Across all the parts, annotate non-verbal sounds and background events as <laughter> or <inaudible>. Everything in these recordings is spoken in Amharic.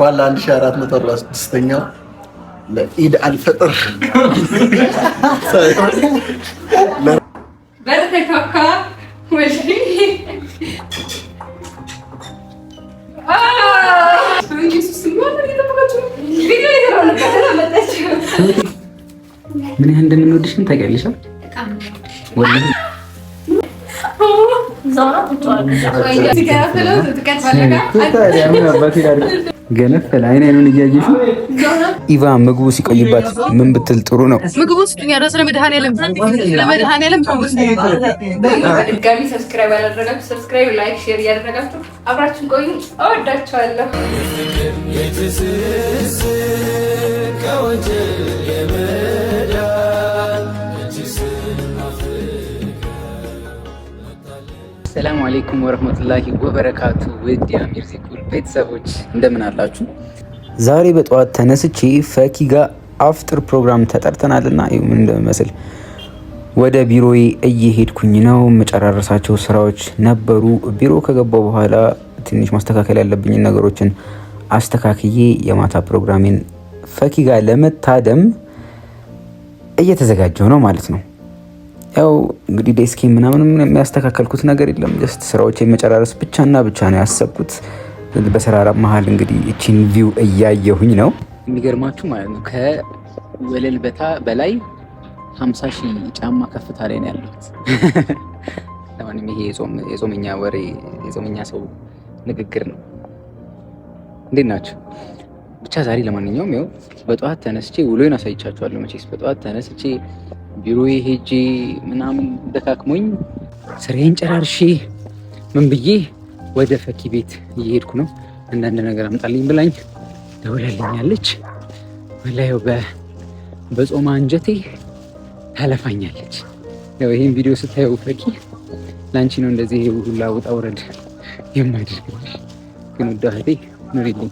እንኳን ለ1446ኛው ለኢድ አልፈጥር ምን ያህል እንደምንወድሽም ታውቂያለሽ። ወላሂ ገነፈል አይኔን እያየሽ ኢቫ ምግቡ ሲቆይባት ምን ብትል ጥሩ ነው? ምግቡ ስጡኝ። ኧረ ስለ መድኃኒዓለም ለመድኃኒዓለም ድጋሚ ሰብስክራይብ ያላደረጋችሁ ሰብስክራይብ፣ ላይክ፣ ሼር እያደረጋችሁ አብራችሁን ቆዩ። እወዳችኋለሁ። ሰላም አለይኩም ወረህመቱላሂ ወበረካቱ። ውድ የአሚር ዜኩል ቤተሰቦች እንደምን አላችሁ? ዛሬ በጠዋት ተነስቼ ፈኪ ጋር አፍጥር ፕሮግራም ተጠርተናል እና እንደሚመስል ወደ ቢሮዬ እየሄድኩኝ ነው። መጨራረሳቸው ስራዎች ነበሩ። ቢሮ ከገባው በኋላ ትንሽ ማስተካከል ያለብኝን ነገሮችን አስተካክዬ የማታ ፕሮግራሜን ፈኪ ጋር ለመታደም እየተዘጋጀው ነው ማለት ነው። ያው እንግዲህ ዴስኬ ምናምን የሚያስተካከልኩት ነገር የለም። ጀስት ስራዎች የመጨራረስ ብቻና ብቻ ነው ያሰብኩት። በሰራራ መሀል እንግዲህ እቺን ቪው እያየሁኝ ነው። የሚገርማችሁ ማለት ነው ከወለል በታ በላይ ሀምሳ ሺህ ጫማ ከፍታ ላይ ነው ያለሁት። <laughs> ለማንም ይሄ የጾመኛ ወሬ የጾመኛ ሰው ንግግር ነው። እንዴት ናቸው? ብቻ ዛሬ ለማንኛውም ያው በጠዋት ተነስቼ ውሎን አሳይቻችኋለሁ። መቼስ በጠዋት ተነስቼ ቢሮዬ ሄጂ ምናምን ደካክሞኝ ስሬን ጨራርሼ ምን ብዬ ወደ ፈኪ ቤት እየሄድኩ ነው። አንዳንድ ነገር አምጣልኝ ብላኝ ደውላልኛለች። ወላሂው በጾማ አንጀቴ ታለፋኛለች። ያው ይህን ቪዲዮ ስታየው ፈኪ ለአንቺ ነው እንደዚህ ሁላ ውጣ ውረድ የማደርግልሽ፣ ግን ውድ እህቴ ኑሪልኝ።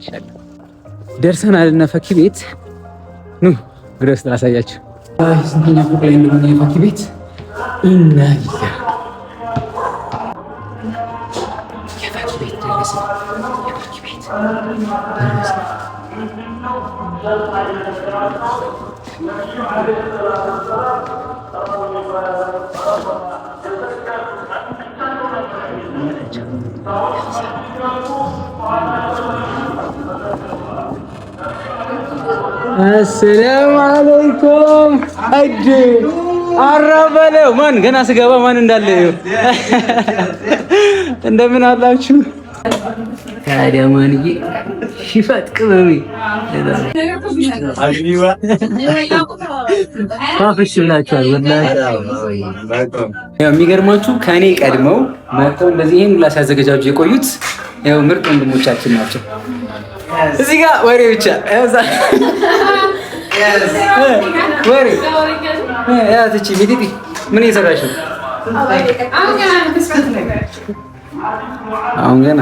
ይሻላል ደርሰናል እነ ፈኪ ቤት ኑ ድረስ ላሳያቸው Ah, isn't niña ne naman yung pakibit. Inay ka. Ya pakibit, dalasin. Ya pakibit. Dalasin. Canım. Yoksa. አሰላሙ አለይኩም እድ አራበለው ማን ገና ስገባ ማን እንዳለ እንደምን አላችሁ? ታዲያ ማንዬ ሽፈጥ ቅመሜ ፋፍሽ ብላችኋል። የሚገርማችሁ ከእኔ ቀድመው መጥተው እንደዚህ ይህን ሁላ ሲያዘገጃጁ የቆዩት ያው ምርጥ ወንድሞቻችን ናቸው። እዚህ ጋር ወሬ ብቻ ወሬ ሚጢጢ ምን እየሰራሽ ነው? አሁን ገና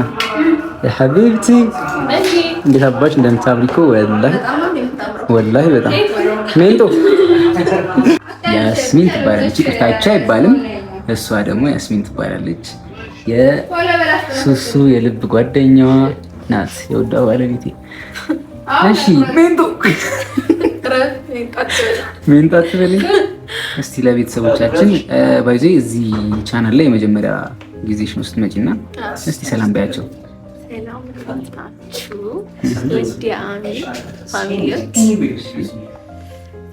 ሐቢብቲ እንዴት አባሽ እንደምታምሪ እኮ ወላሂ ወላሂ በጣም ሜንጦ ያስሚን ትባላለች። ቅርታቻ አይባልም። እሷ ደግሞ ያስሚን ትባላለች። የሱሱ የልብ ጓደኛዋ ናት። የወዳው ባለቤቴ እሺ ሜንጦ ሜንጣት በልኝ <laughs> እስቲ። ለቤተሰቦቻችን ባይዜ እዚህ ቻናል ላይ የመጀመሪያ ጊዜሽ ውስጥ መጪና እስቲ ሰላም ባያቸው።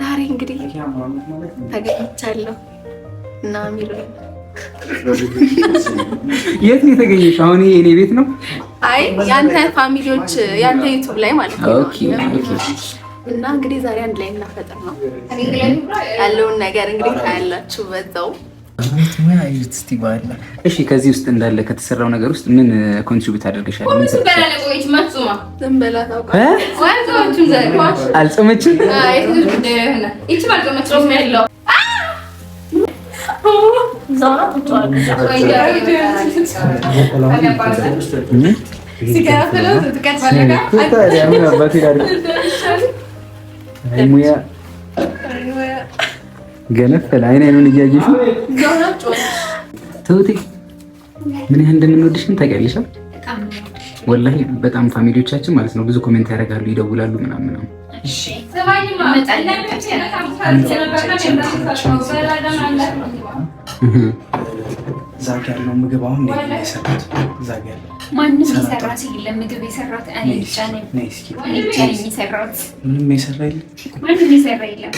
ዛሬ እንግዲህ ተገኝቻለሁ እና ሚሉ የት ነው የተገኘሽ? አሁን ይሄ እኔ ቤት ነው። አይ ያንተ ፋሚሊዎች ያንተ ዩቱብ ላይ ማለት ነው። ኦኬ ኦኬ እና እንግዲህ ዛሬ አንድ ላይ እናፈጥር ነው ያለውን ነገር እንግዲህ ታያላችሁ በዛው እሺ ከዚህ ውስጥ እንዳለ ከተሰራው ነገር ውስጥ ምን ኮንትሪቢዩት አድርገሻል? አልጾመችም። ሙያ ገነፈል አይኑን እያየሽ ትሁቴ ምን ያህል እንደምንወድሽን ታውቂያለሽ። ወላሂ በጣም ፋሚሊዎቻችን ማለት ነው ብዙ ኮሜንት ያደርጋሉ፣ ይደውላሉ ምናምን ነው ማንም የሰራ ሲል ምንም የሰራ የለም፣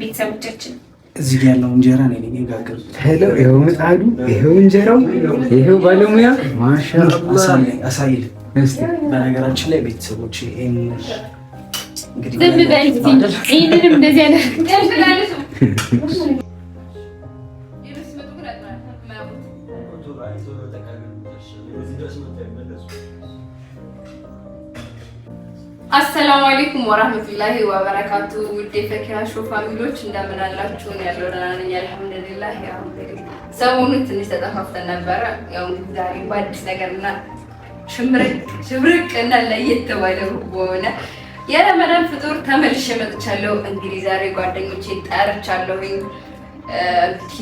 ቤተሰቦቻችን እዚህ ያለው እንጀራ ነው እኔ ጋገር ሄሎ፣ ይኸው ምጣዱ፣ ይኸው እንጀራው፣ ይኸው ባለሙያ አሳይል በነገራችን ላይ ቤተሰቦች ይሄን እንደዚህ አሰላሙ አለይኩም ወራህመቱላሂ ወበረካቱ። ውድ የፈኪራ ሾ ፋሚሊዎች እንደምን አላችሁ? ያለው ደህና ነኝ አልሐምዱሊላህ። ያው ሰሞኑን ትንሽ ተጠፋፍተን ነበረ። ያው ዛሬ በአዲስ ነገርና ሽምርቅ ሽምርቅ እና ለየት ባለ በሆነ የረመዳን ፍጡር ተመልሼ መጥቻለሁ። እንግዲህ ዛሬ ጓደኞቼ ጠርቻለሁኝ።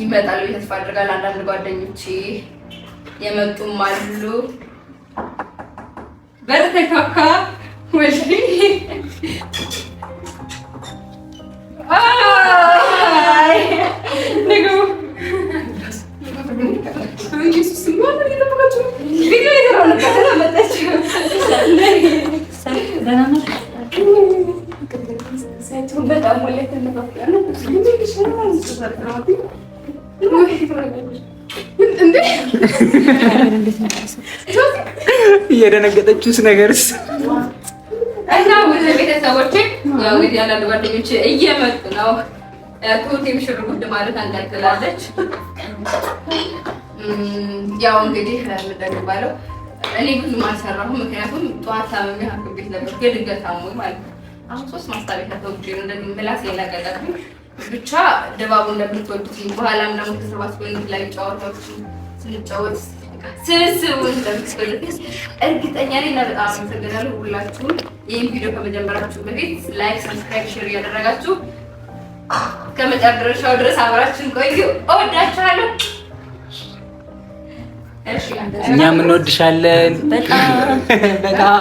ይመጣሉ ተስፋ አድርጋለሁ። አንዳንድ ጓደኞቼ የመጡም አሉ። በር ተካካ እየደነገጠችውስ ነገርስ እና ውድ ቤተሰቦቼ እንግዲህ አንዳንድ ጓደኞች እየመጡ ነው። ቱቲም ሽር ጉድ ማለት አንቀጥላለች። ያው እንግዲህ የምጠግባለው እኔ ብዙም አልሰራሁም፣ ምክንያቱም ጠዋት ታመሚ ሐኪም ቤት ነበር የድንገት ታሞኝ ማለት አሁን ሶስት ማስታወቂያ ተውጭ እንደዚህ ምላስ የላቀቀብኝ ብቻ ድባቡ እንደምትወዱት በኋላም ደግሞ ተሰባስበን ላይ ጨዋታዎችን ስንጫወት ስብስቡ እንደምትፈልጉት እርግጠኛ ነኝ እና በጣም አመሰግናለሁ ሁላችሁም። ይህን ቪዲዮ ከመጀመራችሁ በፊት ላይክ፣ ሰብስክራይብ፣ ሼር እያደረጋችሁ ከመጨረሻው ድረስ አብራችሁን ቆዩ። እወዳችኋለሁ። እኛም እንወድሻለን በጣም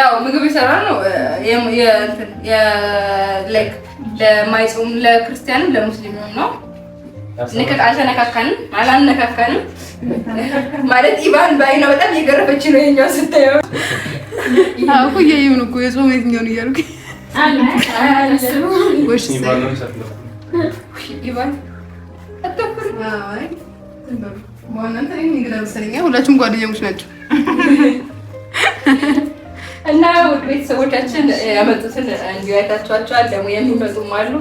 ያው ምግብ የሰራ ነው ላይክ ለማይጾም ለክርስቲያንም ለሙስሊምም ነው። አልተነካካንም አላነካካንም ማለት ኢባን በአይና በጣም እየገረፈች ነው። የኛው ስታየው እኮ እያየሁን እኮ የጾም የትኛውን እያሉ ሁላችሁም ጓደኛሞች ናቸው። እና ውድ ቤተሰቦቻችን ያመጡትን እንዲሁ አይታችኋቸዋል። ደግሞ የሚመጡም አሉ።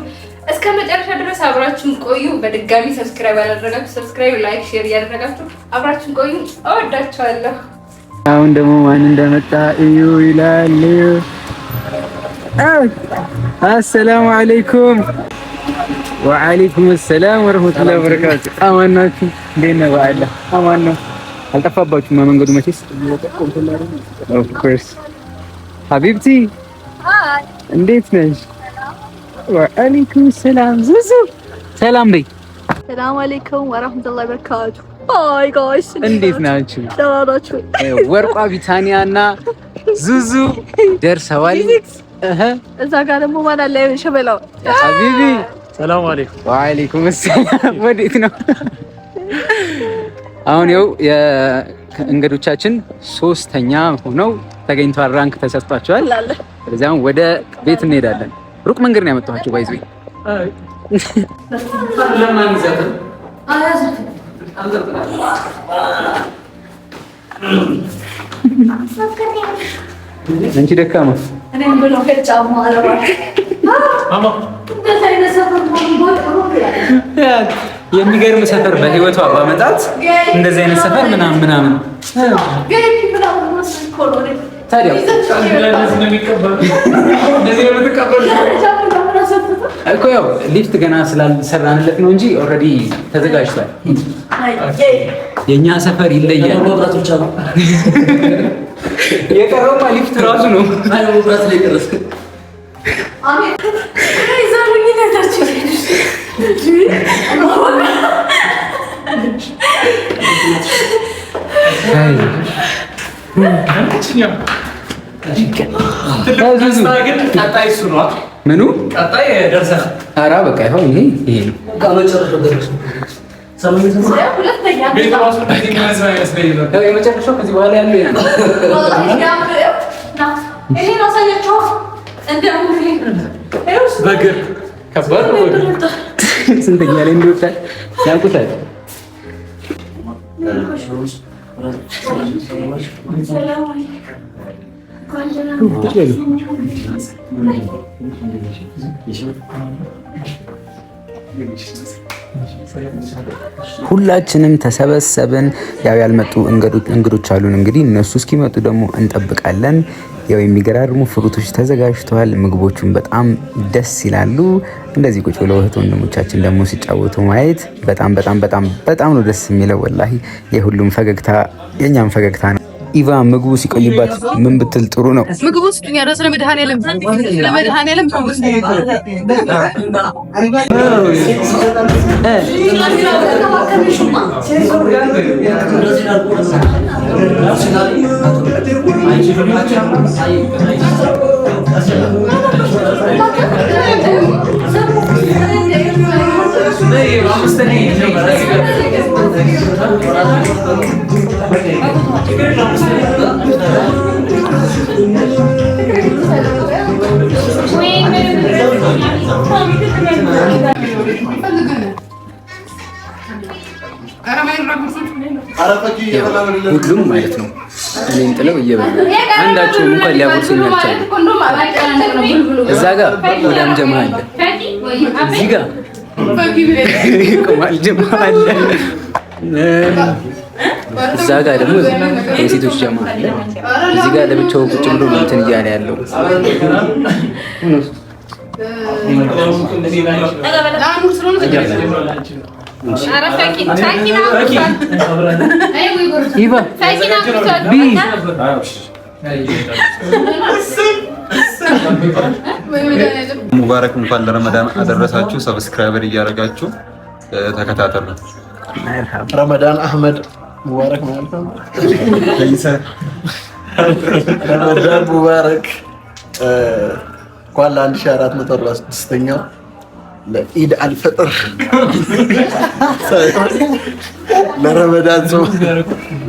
እስከ መጨረሻ ድረስ አብራችሁን ቆዩ። በድጋሚ ሰብስክራይብ ያላደረጋችሁ ሰብስክራይብ፣ ላይክ፣ ሼር እያደረጋችሁ አብራችሁን ቆዩ። እወዳችኋለሁ። አሁን ደግሞ ማን እንደመጣ እዩ ይላል። አሰላሙ አለይኩም። ወአለይኩም ሰላም ወረህመቱላሂ ወበረካቱ። አማን ናችሁ? እንዴት ነው? በአላ አማን ነው። አልጠፋባችሁም መንገዱ መቼስ። ኦፍ ኮርስ ሀቢብቲ እንዴት ነሽ? ወአለይኩም ሰላም ዝዙ ሰላም በይ። ሰላም አለይኩም ወራህመቱላሂ ወበረካቱ። አይ ጋይስ እንዴት ናችሁ? ተባራችሁ። ወርቋ ቢታኒያ እና ዙዙ ደርሰዋል። እዛ ጋር ደግሞ ማን አለ? ሸበላው ሀቢቢ ሰላም አለይኩም። ወአለይኩም ሰላም። ወዴት ነው አሁን? ይኸው የእንግዶቻችን ሶስተኛ ሆነው ተገኝቷል፣ ራንክ ተሰጥቷቸዋል። ስለዚህ ወደ ቤት እንሄዳለን። ሩቅ መንገድ ነው ያመጣኋቸው። ባይዝ አንቺ ደካማ የሚገርም ሰፈር በህይወቷ ባመጣት እንደዚህ አይነት ሰፈር ምናምን ምናምን ታዲያ ያው ሊፍት ገና ስላልሰራንለት ነው እንጂ ኦልሬዲ ተዘጋጅቷል። የእኛ ሰፈር ይለያል። የቀረውማ ሊፍት ራሱ ነው። ምኑ ቀጣይ ደርሰህ ኧረ በቃ ይኸው ይሄ ይሄ ነው። የመጨረሻው ከዚህ በኋላ ያለው በእግር ከባድ ነው። ስንተኛ ላይ እንደወጣ ያውቁታል። ሁላችንም ተሰበሰብን። ያው ያልመጡ እንግዶች አሉን። እንግዲህ እነሱ እስኪመጡ ደግሞ እንጠብቃለን። ያው የሚገራርሙ ፍሩቶች ተዘጋጅተዋል። ምግቦቹን በጣም ደስ ይላሉ። እንደዚህ ቁጭ ብለው እህት ወንድሞቻችን ደግሞ ሲጫወቱ ማየት በጣም በጣም በጣም በጣም ነው ደስ የሚለው። ወላሂ የሁሉም ፈገግታ የእኛም ፈገግታ ነው። ኢቫ ምግቡ ሲቆይባት ምን ብትል ጥሩ ነው? ምግቡ ስጡኛ ሁሉም ማለት ነው እኔን ጥለው እየበሉ አንዳቸውም እንኳን ሊያጎርሱኝ አልቻለም። እዛ ጋር ወዳም ጀመሃል እዚህ ጋር እዛ ጋር ደግሞ የሴቶች ጀማ አለ። እዚህ ጋር ለብቻው ቁጭ ብሎ እንትን እያለ ያለው ይባ ሙባረክ እንኳን ለረመዳን አደረሳችሁ። ሰብስክራይበር እያደረጋችሁ ተከታተሉ። ረመዳን አህመድ ሙባረክ ማለት ነው። ረመዳን ሙባረክ። እንኳን ለ1446ኛው ለኢድ አልፈጥር ለረመዳን ሰው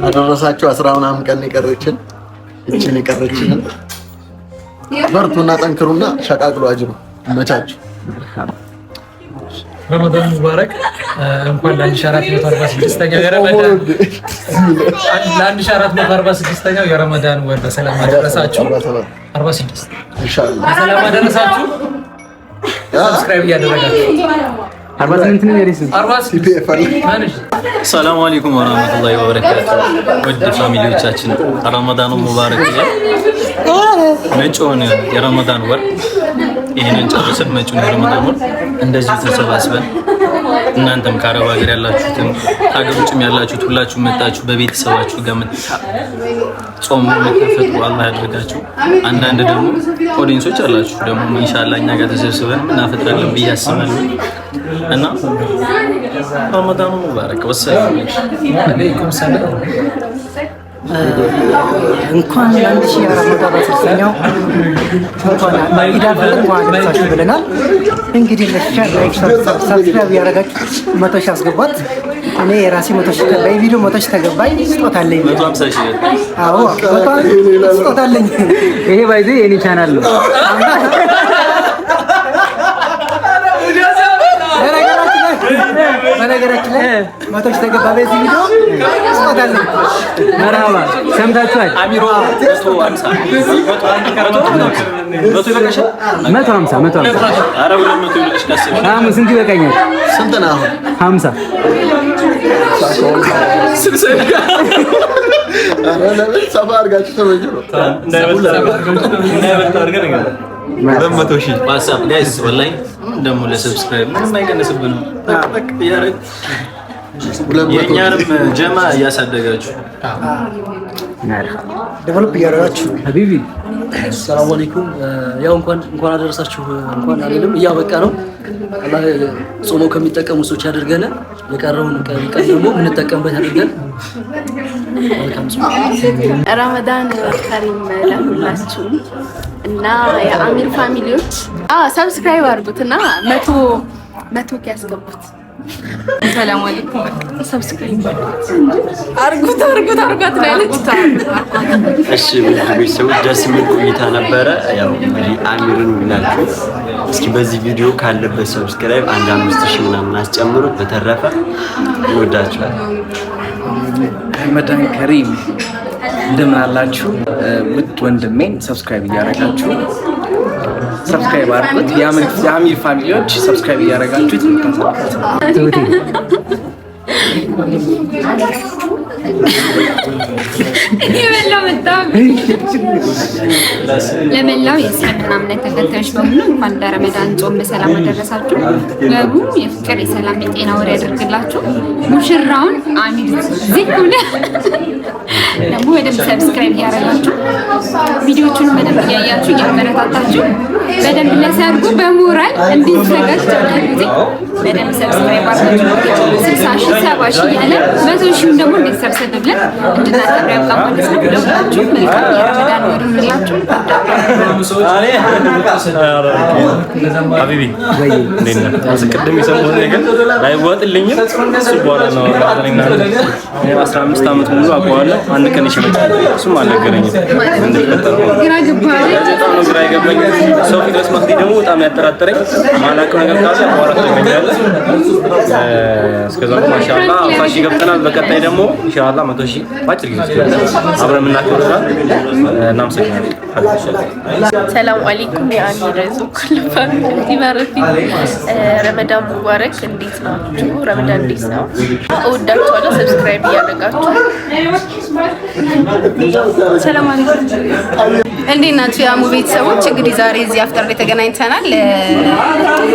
አደረሳችሁ። አስራ ምናምን ቀን የቀረችን እችን የቀረችንን በርቱና ጠንክሩና ሸቃቅሎ አጅሩ መቻች። ረመዳን ሙባረክ። እንኳን ለ1446ኛው የረመዳን ለ1446ኛው የረመዳን ወር በሰላም አደረሳችሁ። 46 ኢንሻአላህ በሰላም አደረሳችሁ። ሰብስክራይብ እያደረጋችሁ ሰላሙ አለይኩም ወራህመቱላሂ ወበረካቱ። ወደ ፋሚሊዎቻችን ረመዳኑ ሙባረክ ይላል። መጪውን የረመዳን ወር ይህንን ጨርሰን መጪውን የረመዳን ወር እንደዚሁ ተሰባስበን እናንተም ከአረብ ሀገር ያላችሁትም ከሀገር ውጭም ያላችሁት ሁላችሁ መጣችሁ በቤተሰባችሁ ጋር ጾም መከፈቱ አላህ ያደርጋችሁ። አንዳንድ ደግሞ ኦዲንሶች አላችሁ ደግሞ ኢንሻላህ እኛ ጋር ተሰብስበን እናፈጥራለን ብዬ አስባለሁ እና ረመዳኑ ሙባረክ ወሰላም አለይኩም ሰላም እንኳን አንድ ሺህ አራት መቶ አርባ ስድስተኛው እንኳን ኢድ አል እንኳን አደረሳችሁ ብለናል። እንግዲህ ለሻር ላይክ ሰብስክራይብ ያደረጋችሁ መቶ ሺህ አስገባት። እኔ የራሴ መቶ ሺህ ገባኝ፣ ቪዲዮ መቶ ሺህ ተገባኝ። ስጦታ አለኝ። አዎ ስጦታ አለኝ። ይሄ ባይዘ የኔ ቻናል ነው። በነገራችን ላይ መቶ ሺህ ተገባ። በዚህ ቪዲዮ መርሃባ ሰምታችኋል። መቶ ሀምሳ መቶ ሀምሳ ስንት ይበቃኛል? ሀምሳ ሰፋ አድርጋችሁ ሁለት መቶ ሺህ ዋትሳፕ ጋይስ ወላሂ ደግሞ ለሰብስክራይብ ምንም አይቀንስብንም። የእኛንም ጀማ እያሳደጋችሁ ደቨሎፕ እያደረጋችሁ ሀቢቢ ሰላም አለይኩም። ያው እንኳን እንኳን አደረሳችሁ እንኳን አለንም እያበቃ ነው። አላህ ጾመው ከሚጠቀሙ ሰዎች ያደርገን። የቀረውን ቀን ደግሞ የምንጠቀምበት ያደርገን። ረመዳን ከሪም ለሁላችሁም እና የአሚር ፋሚሊዎች ሰብስክራይብ አድርጉት እና መቶ መቶ ያስገቡት። ሰላም አለይኩም። ሰብስክራይብ አድርጉት አድርጉት አድርጓት እሺ ደስ የሚል ቆይታ ነበረ። ያው እንግዲህ አሚርን ብላችሁ እስኪ በዚህ ቪዲዮ ካለበት ሰብስክራይብ አንድ አምስት ሺህ ምናምን አስጨምሩት። በተረፈ ይወዳችኋል። ከሪም እንደምን አላችሁ? ውድ ወንድሜን ሰብስክራይብ እያደረጋችሁ ሰብስክራይብ አድርጉት። የአሚር ፋሚሊዎች ሰብስክራይብ በጣም ለመላው የእስልምና እምነት ተከታዮች በሙሉ እንኳን ለረመዳን ጾም በሰላም አደረሳችሁ። በሩ የፍቅር የሰላም የጤና ወር ያደርግላችሁ። ሙሽራውን አሚር ዝግ ደግሞ በደንብ ሰብስክራይብ እያደረጋችሁ ቪዲዮቹን በደንብ እያያችሁ እያበረታታችሁ በደንብ ለሰርጉ በሞራል ጊዜ በደንብ ሰብስክራይብ አድርጋችሁ ስልሳ ሺ ሰባ ሺ እያለ መቶ ሺም ደግሞ ብለን እንድናከብር ነው። ለሁላችሁ መልካም የረመዳን ወር እንላችሁ። ሀቢቢ ቅድም የሰማሁት ነገር እሱ በኋላ ነው አስራ አምስት ዓመት ሙሉ አውቀዋለሁ። ልክንሽ ይመጣል። እሱም አልነገረኝም። ግራ ገባኝ። ሰው ፊት ደግሞ በጣም ያጠራጠረኝ ማላውቀው ነገር ካለ ማሻአላ ሺህ ገብተናል። በቀጣይ ደግሞ ኢንሻአላ ሺህ ባጭር ጊዜ አብረን እናመሰግናለን። ሰላም አለይኩም ያኒ ረዙ ኩልፋ ዲማረፊ ረመዳን ሙባረክ። እንዴት ናችሁ? ረመዳን እንዴት ነው? እወዳችኋለሁ። ሰብስክራይብ እያደረጋችሁ ሰላም አለይኩም። እንዴት ናችሁ የአሙ ቤተሰቦች? እንግዲህ ዛሬ እዚህ አፍጠር ላይ ተገናኝተናል።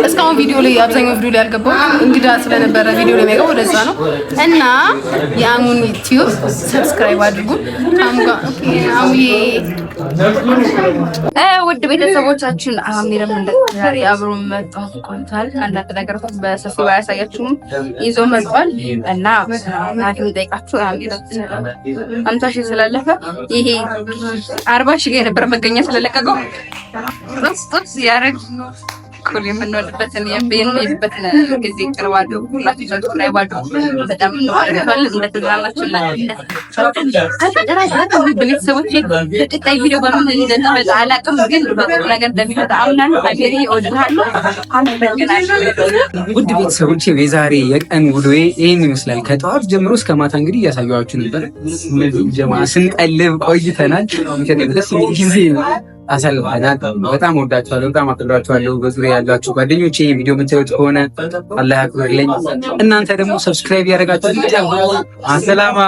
እስካሁን ቪዲዮ ላይ አብዛኛው ቪዲዮ ላይ ያልገባው እንግዳ ስለነበረ ቪዲዮ ላይ የሚያገባው ወደዛ ነው እና የአሙን ዩቲዩብ ሰብስክራይብ አድርጉ። አሙዬ ውድ ቤተሰቦቻችን አሚርም እንደዛሬ አብሮ መጥቷት ቆይቷል። አንዳንድ ነገሮች በሰፊው አያሳያችሁም ይዞ መጥቷል እና ሐኪም ጠይቃችሁ አሚር አምሳ ሺህ ስላለፈ ይሄ አርባ ሺህ የነበረ መገኛ ስለለቀቀው ጥስ ጥስ ያደረግ በኩል የምንወድበትን የምንሄድበትን ጊዜ ቅርብ አድርጉ። ሁላችሁ ሰብስክራይብ አድርጉ። በጣም እንዋለን። እንደተዝናናችሁ ቤተሰቦች በቀጣይ ቪዲዮ በምን እንደሚመጣ አላውቅም፣ ግን በጥሩ ነገር እንደሚመጣ አምናለሁ። አገሬ እወድሃለሁ። ውድ ቤተሰቦቼ የዛሬ የቀን ውሎዬ ይህን ይመስላል። ከጠዋት ጀምሮ እስከ ማታ እንግዲህ እያሳየኋችሁ ነበር። ጀማ ስንቀልብ ቆይተናል። ደስ ጊዜ ነው። አሳልፈናል። በጣም ወዳችኋለሁ፣ በጣም አክብራችኋለሁ። በዙሪያ ያላችሁ ይህ ቪዲዮ የምታዩት ከሆነ አላህ ያክብርልኝ። እናንተ ደግሞ ሰብስክራይብ ያደረጋችሁ አሰላማ